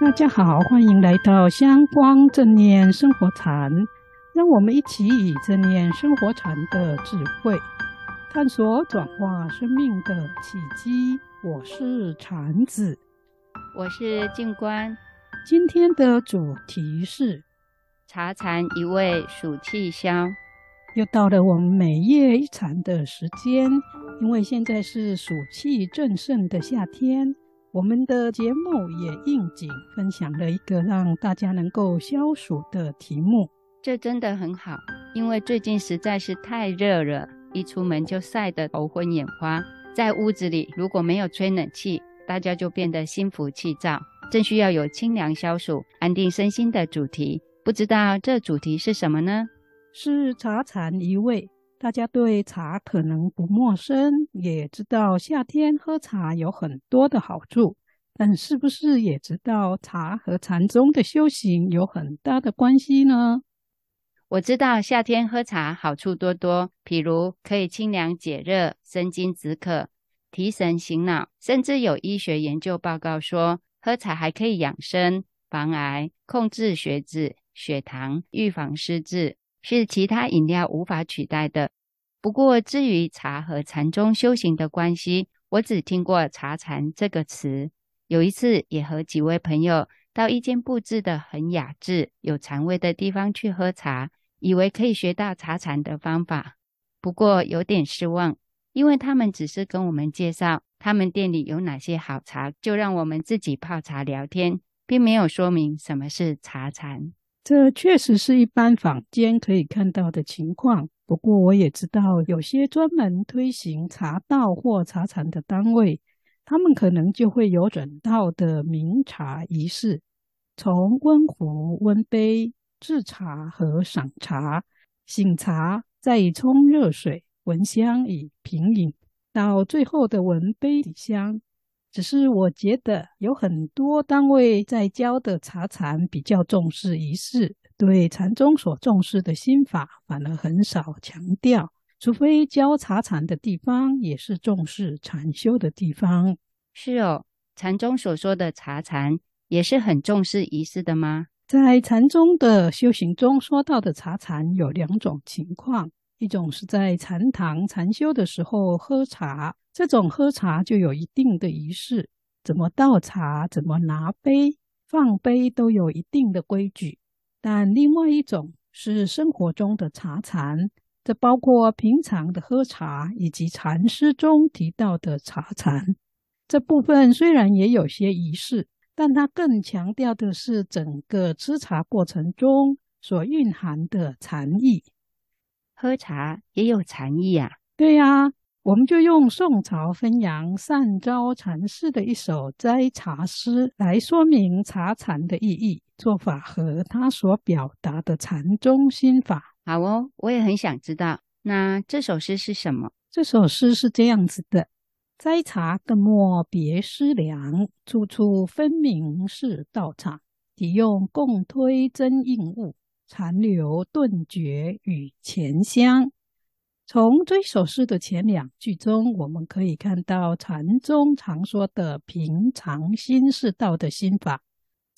大家好，歡迎來到《香光正念生活禪》，讓我們一起以正念生活禪的智慧，探索轉化生命的契機。我是禪子，我是靜觀。今天的主題是茶禪一味，暑氣消，又到了我們每夜一禪的時間，因為現在是暑氣正盛的夏天。我們的節目也應景，分享了一個讓大家能夠消暑的題目。這真的很好，因為最近實在是太熱了，一出門就曬得頭昏眼花。在屋子裡如果沒有吹冷氣，大家就變得心浮氣躁，正需要有清涼消暑、安定身心的主題。不知道這主題是什麼呢？是茶禪一味。大家對茶可能不陌生，也知道夏天喝茶有很多的好處，但是不是也知道茶和禪宗的修行有很大的關係呢？我知道夏天喝茶好處多多，譬如可以清涼解熱、生津止渴、提神醒腦，甚至有醫學研究報告說，喝茶還可以養生、防癌、控制血脂、血糖、預防失智，是其他飲料無法取代的。不過，至於茶和禪宗修行的關係，我只聽過“茶禪”這個詞。有一次，也和幾位朋友到一間布置的很雅致、有禪味的地方去喝茶，以為可以學到茶禪的方法。不過有點失望，因為他們只是跟我們介紹他們店裡有哪些好茶，就讓我們自己泡茶聊天，並沒有說明什麼是茶禪。這確實是一般坊間可以看到的情況。不過，我也知道有些專門推行茶道或茶禪的單位，他們可能就會有整套的明茶儀式，從溫壺、溫杯、置茶和賞茶、醒茶，再以沖熱水聞香以品飲，到最後的聞杯底香。只是我覺得有很多單位在教的茶禪比較重視儀式。對禪宗所重視的心法，反而很少強調，除非教茶禪的地方也是重視禪修的地方。是哦，禪宗所說的茶禪也是很重視儀式的嗎？在禪宗的修行中說到的茶禪有兩種情況，一種是在禪堂禪修的時候喝茶，這種喝茶就有一定的儀式，怎麼倒茶、怎麼拿杯、放杯都有一定的規矩。但另外一種是生活中的茶禪，這包括平常的喝茶，以及禪詩中提到的茶禪。這部分雖然也有些儀式，但它更強調的是整個吃茶過程中所蘊含的禪意。喝茶也有禪意啊？對呀、啊。我們就用宋朝汾陽善昭禪師的一首摘茶詩來說明茶禪的意義、做法和他所表達的禪宗心法。好哦，我也很想知道，那這首詩是什麼？這首詩是這樣子的：摘茶更莫別思量，處處分明是道場。體用共推真應物，禪流頓覺雨前香。從這首詩的前兩句中，我們可以看到禪宗常說的平常心是道的心法。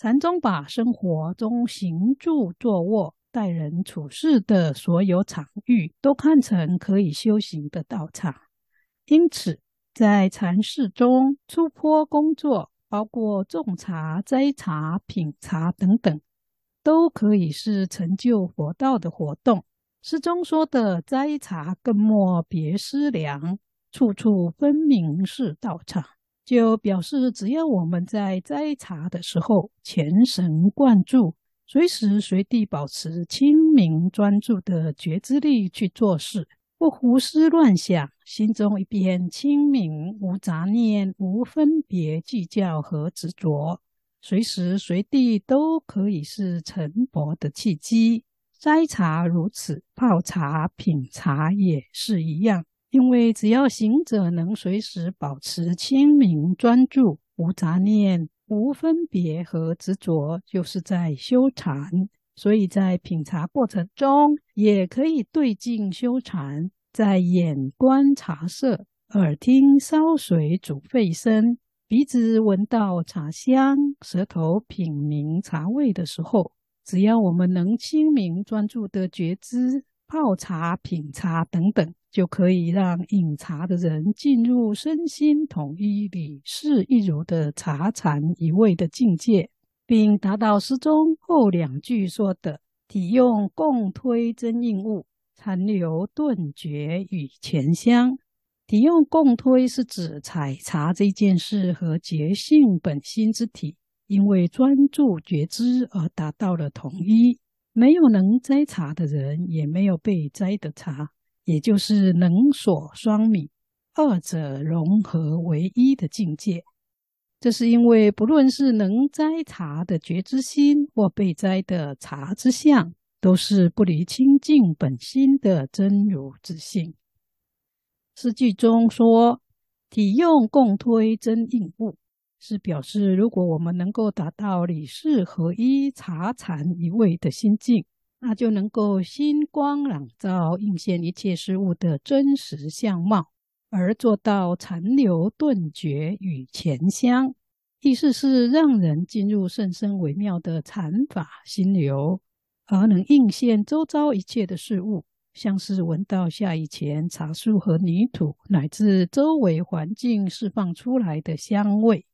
禪宗把生活中行住坐臥、待人處事的所有場域，都看成可以修行的道場。因此，在禪室中出坡工作，包括種茶、摘茶、品茶等等，都可以是成就佛道的活動。詩中說的“摘茶更莫別思量，處處分明是道場”，就表示只要我們在摘茶的時候全神貫注，隨時隨地保持清明專注的覺知力去做事，不胡思亂想，心中一片清明，無雜念、無分別、計較和執着，隨時隨地都可以是成佛的契機。摘茶如此，泡茶品茶也是一樣。因為只要行者能隨時保持清明、專注、無雜念、無分別和執着，就是在修禪。所以在品茶過程中，也可以對境修禪。在眼觀茶色，耳聽燒水煮沸聲，鼻子聞到茶香，舌頭品茗茶味的時候。只要我們能清明專注的覺知泡茶、品茶等等，就可以讓飲茶的人進入身心統一、理事一如的茶禪一味的境界，並達到詩中後兩句說的體用共推真應物，禪流頓覺雨前香。體用共推是指採茶這件事和覺性本心之體。因為專注覺知而達到了統一，沒有能摘茶的人，也沒有被摘的茶，也就是能所雙泯，二者融合為一的境界。這是因為，不論是能摘茶的覺知心，或被摘的茶之相，都是不離清淨本心的真如之性。詩句中說：“體用共推真應物。”是表示，如果我們能夠達到理事合一、茶禪一味的心境，那就能夠心光朗照，映現一切事物的真實相貌，而做到禪流頓覺雨前香。意思是讓人進入甚深微妙的禪法心流，而能映現周遭一切的事物，像是聞到下雨前茶樹和泥土乃至周圍環境釋放出來的香味。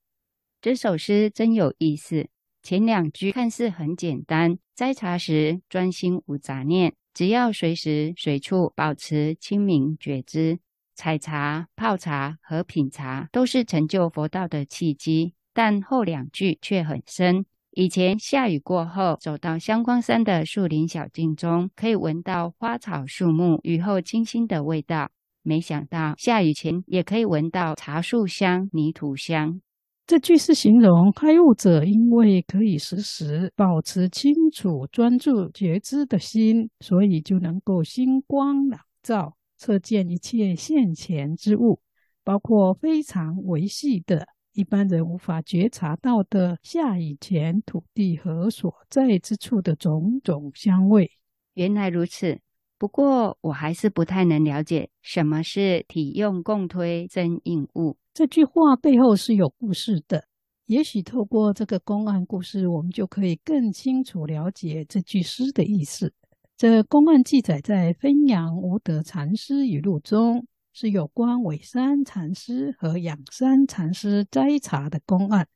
這首詩真有意思，前兩句看似很簡單，摘茶時專心無雜念，只要隨時隨處保持清明覺知，採茶、泡茶和品茶都是成就佛道的契機。但後兩句却很深。以前下雨過後，走到香光山的樹林小徑中，可以聞到花草樹木雨後清新的味道。沒想到下雨前也可以聞到茶樹香、泥土香。這句是形容開悟者，因為可以時時保持清楚專注覺知的心，所以就能夠心光朗照，測見一切現前之物，包括非常微細的、一般人無法覺察到的下雨前土地和所在之處的種種香味。原來如此。不過，我還是不太能了解什麼是體用共推真應物？這句話背後是有故事的。也許透過這個公案故事，我們就可以更清楚了解這句詩的意思。這公案記載在《汾陽無德禪師語錄》中，是有關溈山禪師和仰山禪師摘茶的公案。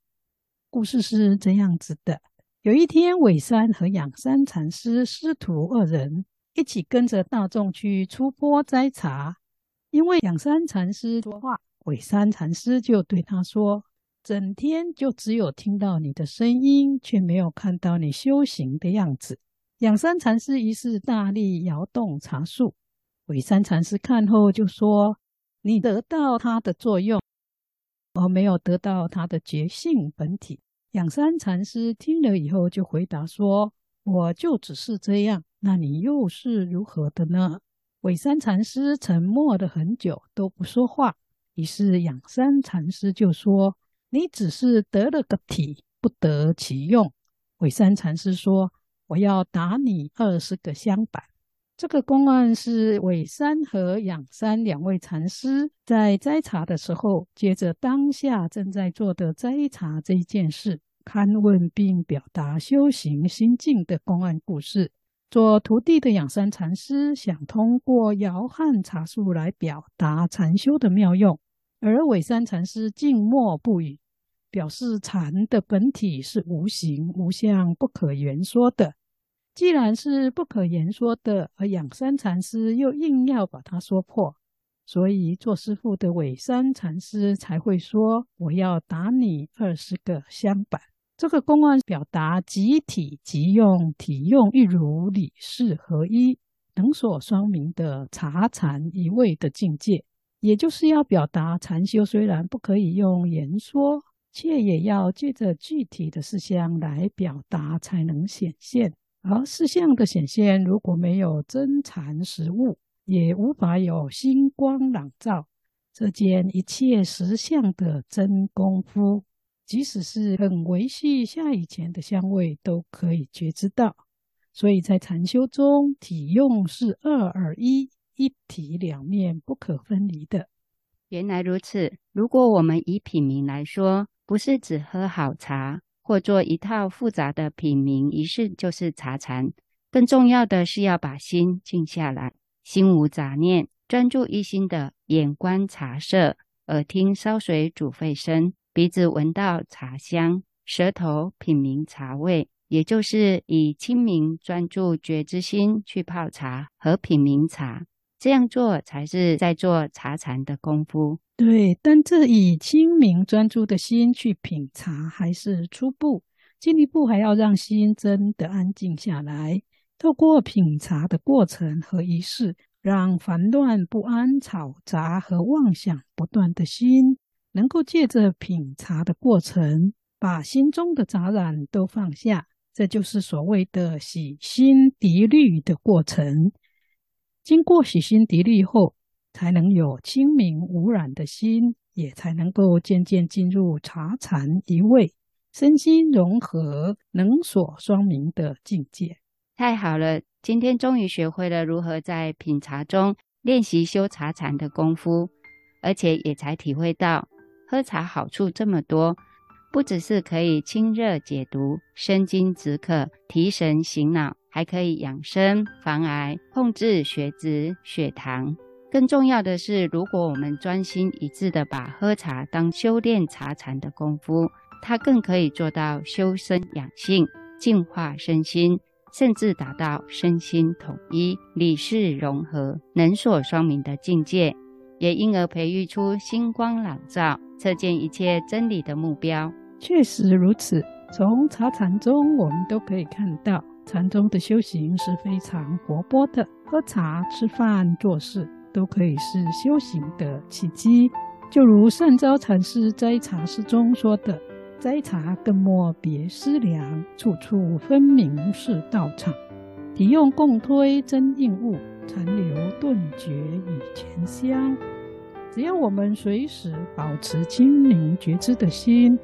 故事是這樣子的：有一天，溈山和仰山禪師師徒二人。一起跟着大眾去出坡摘茶，因為仰山禪師說話，溈山禪師就對他說：“整天就只有聽到你的聲音，卻沒有看到你修行的樣子。”仰山禪師於是大力搖動茶樹，溈山禪師看後就說：“你得到它的作用，而沒有得到它的覺性本體。”仰山禪師聽了以後就回答說：“我就只是這樣。”那你又是如何的呢？溈山禪師沉默了很久，都不說話。於是仰山禪師就說：“你只是得了個體，不得其用。”溈山禪師說：“我要打你二十個香板。”這個公案是溈山和仰山兩位禪師在摘茶的時候，借着當下正在做的摘茶這件事，勘問並表達修行心境的公案故事。做徒弟的仰山禪師想通過搖撼茶樹來表達禪修的妙用，而溈山禪師靜默不語，表示禪的本體是無形無相、不可言說的。既然是不可言說的，而仰山禪師又硬要把它說破，所以做師父的溈山禪師才會說：“我要打你二十個香板。”這個公案表達集體即用、體用一如、理事合一、能所雙明的茶禪一味的境界，也就是要表達禪修雖然不可以用言說，卻也要借着具體的事項來表達才能顯現。而事項的顯現，如果沒有真禪實物，也無法有心光朗照這間一切實相的真功夫。即使是很微細、下雨前的香味都可以覺知到，所以在禪修中，體用是二而一，一體兩面不可分離的。原來如此。如果我們以品茗來說，不是只喝好茶或做一套複雜的品茗儀式就是茶禪，更重要的是要把心靜下來，心無雜念，專注一心的眼觀茶色，耳聽燒水煮沸聲。鼻子聞到茶香，舌頭品茗茶味，也就是以清明專注覺知心去泡茶和品茗茶。這樣做才是在做茶禪的功夫。對，但這以清明專注的心去品茶還是初步，進一步還要讓心真的安靜下來。透過品茶的過程和儀式，讓煩亂、不安、嘈雜和妄想不斷的心。能夠借着品茶的過程，把心中的雜染都放下，這就是所謂的洗心滌慮的過程。經過洗心滌慮後，才能有清明無染的心，也才能夠漸漸進入茶禪一味、身心融合、能所雙明的境界。太好了，今天終於學會了如何在品茶中練習修茶禪的功夫，而且也才體會到。喝茶好處這麼多，不只是可以清熱解毒、生津止渴、提神醒腦，還可以養生防癌、控制血脂血糖。更重要的是，如果我們專心一致地把喝茶當修煉茶禪的功夫，它更可以做到修身養性、淨化身心，甚至達到身心統一、理事融合、能所雙明的境界。也因而培育出星光朗照、測見一切真理的目標。確實如此，從茶禪中我們都可以看到，禪宗的修行是非常活潑的。喝茶、吃飯、做事都可以是修行的契機。就如善昭禪師摘茶詩中說的：“摘茶更莫別思量，處處分明是道場，體用共推真應物。”禪流頓覺雨前香，只要我們隨時保持清明覺知的心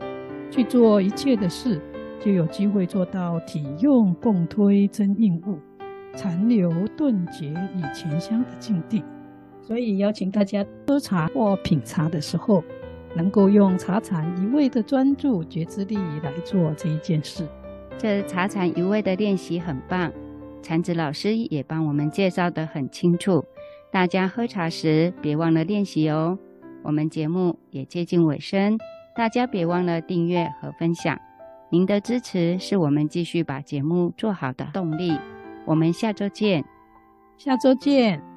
去做一切的事，就有機會做到體用共推真應物、禪流頓覺雨前香的境地。所以邀請大家喝茶或品茶的時候，能夠用茶禪一味的專注覺知力來做這一件事。這茶禪一味的練習很棒。殘子老師也幫我們介紹得很清楚，大家喝茶時別忘了練習哦。我們節目也接近尾聲，大家別忘了訂閱和分享，您的支持是我們繼續把節目做好的動力。我們下周見，下周見。